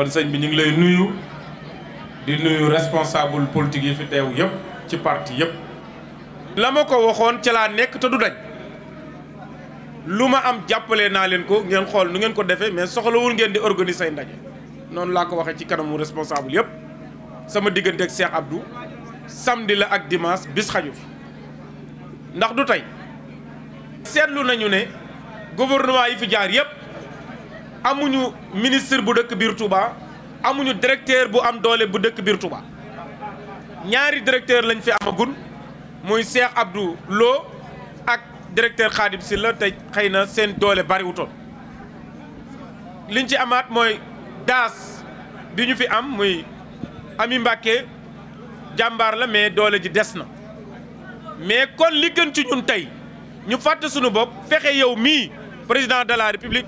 kon sëñ bi ñu ngi lay nuyu di nuyu responsable politique yi fi teew yëpp ci parti yëpp. la ma ko waxoon ca laa nekk te du daj lu ma am jàppale naa leen ko ngeen xool nu ngeen ko defee mais soxlawul ngeen di organiser ay ndaje noonu laa ko waxee ci kanamu responsable yëpp sama diggante ak Cheikh Abdou samedi la ak dimaas bis xaju fi ndax du tey seetlu nañu ne gouvernement yi fi jaar yëpp. amuñu ministre bu dëkk biir Touba amuñu directeur bu am doole bu dëkk biir Touba ñaari directeur lañ fi amagun muy Cheikh Abdou loo ak directeur Khadim la te xëy na seen doole bariwutoon liñ ci amaat mooy daas bi ñu fi am muy Ami Mbacké jàmbaar la mais doole ji des na mais kon li gën ci ñun tey ñu fàtte suñu bopp fexe yow mii président de la république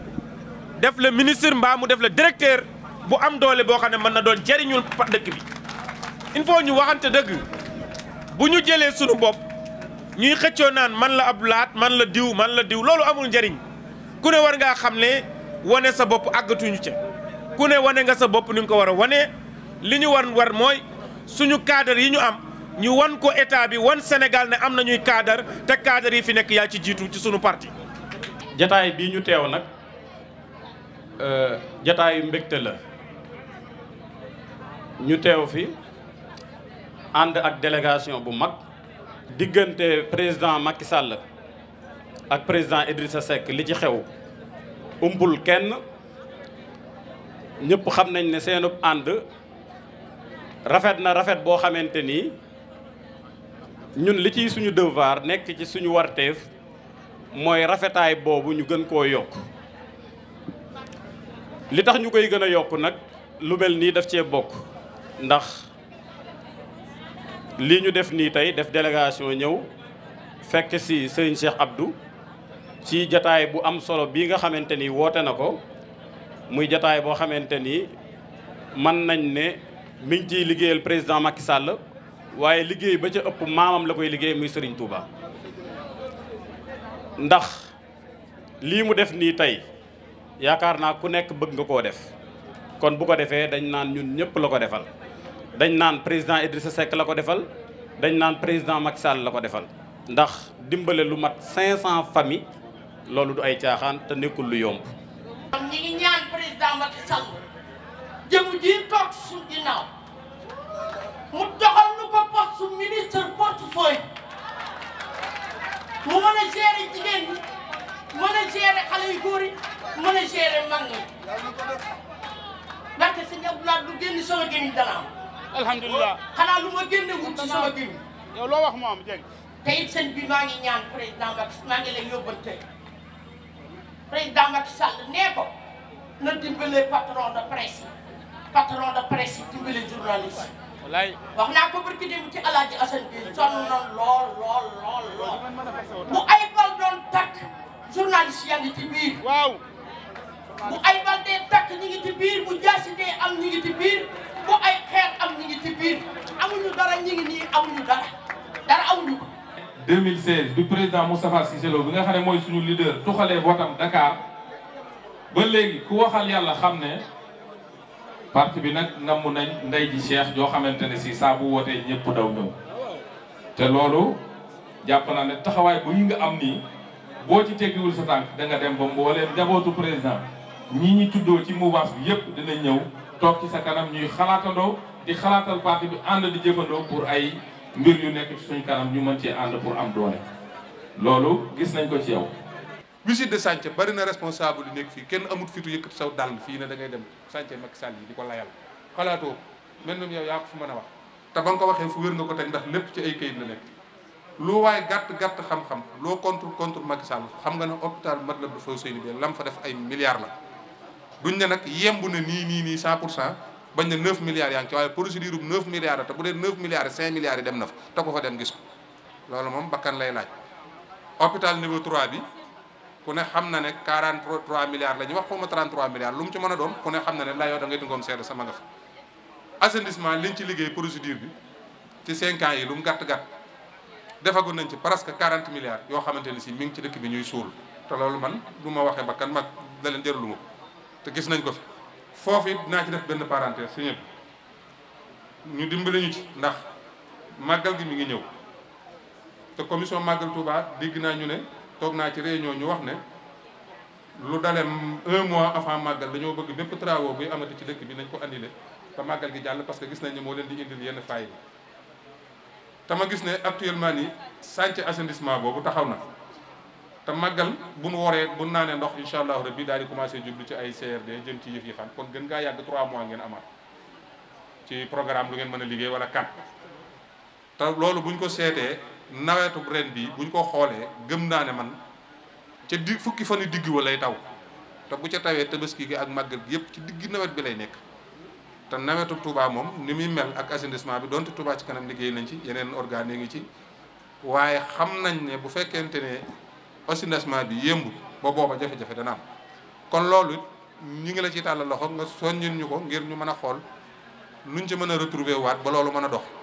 def la ministre mbaamu def la directeur bu am doole boo xam ne mën na doon jariñul pa dëkk bi il faut ñu waxante dëgg bu ñu jëlee sunu bopp ñuy xëccoo naan man la ab laat man la diw man la diw loolu amul njëriñ ku ne war ngaa xam ne wane sa bopp àggatuñu ca ku ne wane nga sa bopp ni ko war a wane li ñu war war mooy suñu kaadar yi ñu am ñu wan ko état bi wan Sénégal ne am nañuy cadre te cadre yi fi nekk yaa ci jiitu ci suñu parti. jataay bii ñu teew nag. Euh, jataayu mbégte la ñu teew fi ànd ak délégation bu mag diggante président Macky Sall ak président Idrissa Seck li ci xew umpul kenn ñëpp xam nañ ne seenub ànd rafet na rafet boo xamante ni ñun li ciy suñu devoir nekk ci suñu warteef mooy rafetaay boobu ñu gën koo yokk li tax ñu koy gën a yokk nag lu mel nii def cee bokk ndax lii ñu def nii tey def délégation ñëw fekk si sëriñ Cheikh Abdou ci jataay bu am solo bii nga xamante ni woote na ko muy jataay boo xamante ni mën nañ ne mi ngi liggéeyal président Macky Sall waaye liggéey ba ca ëpp maamam la koy liggéey muy sëriñ Touba ndax lii mu def nii tey yaakaar naa ku nekk bëgg nga koo def kon bu ko defee dañ naan ñun ñëpp la ko defal dañ naan président Idrissa Seck la ko defal dañ naan président Macky Sall la ko defal ndax dimbale lu mat 500 famille loolu du ay caaxaan te nekkul lu yomb. kon ñi nu ko poste ministre portefeuille mu mën a jigéen ñi mën a xale yu góor mën a gérer mag ñi. ndaxte sëñ Abdoulaye du génn sama gémmiñ dana am. alhamdulilah xanaa lu ma génne wut ci sama gémmiñ. yow loo wax moom Dieng. te it sëñ bi maa ngi ñaan président Macky maa ngi lay yóbbante président Macky Sall nee ko na dimbale patron de presse patron de presse yi dimbale journaliste. wax naa ko barki dem ci El Hadj Assane bi sonn na lool lool lool ay bal doon takk journaliste yaa ngi ci bu ay bal dee takk ñu ngi ci biir bu jaasi am ñu ngi ci biir bu ay xeer am ñu ngi ci biir amuñu dara ñu ngi nii amuñu dara dara amuñu ko. 2016 bi président Moustapha Cissé Lo bi nga xam ne mooy suñu leader tuxalee votam Dakar ba léegi ku waxal yàlla xam ne parti bi nag namm nañ ndey ji Cheikh joo xamante ne si saa bu wootee ñëpp daw ñëw te loolu jàpp naa ne taxawaay bu ñu nga am nii boo ci teggiwul sa tànk da nga dem ba mbooleem njabootu président ñi ñi tuddoo ci mouvance bi yépp dina ñëw toog ci sa kanam ñuy xalaatandoo di xalaatal parti bi ànd li jëfandoo pour ay mbir yu nekk ci suñ kanam ñu mën ci ànd pour am doole loolu gis nañ ko ci yow. visite de chantier bari na responsable yu nekk fii kenn amut fitu yëkkati saw dàll fii ne da ngay dem chantier Macky Sall yi di ko layal xalaatoo mel ni yow yaa ko fu mën a wax te ba nga ko waxee fu wér nga ko teg ndax lépp ci ay kayit la nekk lu waaye gàtt gàtt xam loo contre contre Macky Sall xam nga ne hôpital Matlaboul Fawzayni bi lam fa def ay milliards la duñ ne nag yemb na nii nii nii 100 pour cent bañ na 9 milliards yaa ngi ci waaye procédure bu 9 milliards la te bu dee 9 milliards te ko fa dem gis ko loolu moom bakkan lay laaj. hôpital niveau 3 bi ku ne xam na ne 43 milliards la ñu wax xaw ma 33 milliards lu mu ci mën a doon ku ne xam na ne la yow da ngay dungoom sama nga fa. assainissement liñ ci liggéey procédure bi ci 5 ans yi lu mu gàtt gàtt defagu nañ ci presque 40 milliards yoo xamante ne si mi ngi ci dëkk bi ñuy suul te loolu man lu ma waxee bakkan mag da leen jëraluma ko. te gis nañ ko fi foofu it dinaa ci def benn parenthèse si ñëpp ñu dimbali ñu ci ndax màggal gi mi ngi ñëw te commission màggal Touba dégg naa ñu ne toog naa ci réunion ñu wax ne lu dale un mois avant màggal dañoo bëgg bépp travaux buy amati ci dëkk bi nañ ko andile ba màggal gi jàll parce que gis nañ moo leen di indil yenn faay te ma gis ne actuellement nii sànc assainissement boobu taxaw na te màggal bu nu wooree bu naa ne ndox incha allahu rabbi daal di commencé jublu ci ay CRD jëm ci yëf yi fan kon gën ngaa yàgg 3 mois ngeen amaat ci programme lu ngeen mën a liggéey wala kat te loolu bu ko seetee nawetu ren bi buñ ko xoolee gëm naa ne man ca di fukki fan yu digg wa lay taw te bu ca tawee tabaski ak màggal yëpp ci diggi nawet bi lay nekk te nawetu Touba moom ni muy mel ak assainissement bi donte Touba ci kanam liggéey nañ ci yeneen organes yi ngi ci waaye xam nañ ne bu fekkente ne. assainissement bi yëmb ba booba jafe-jafe dana kon loolu ñu ngi la ci tàllal loxo nga soññil ñu ko ngir ñu mën a xool ñu ci mën a retrouver waat ba loolu mën a dox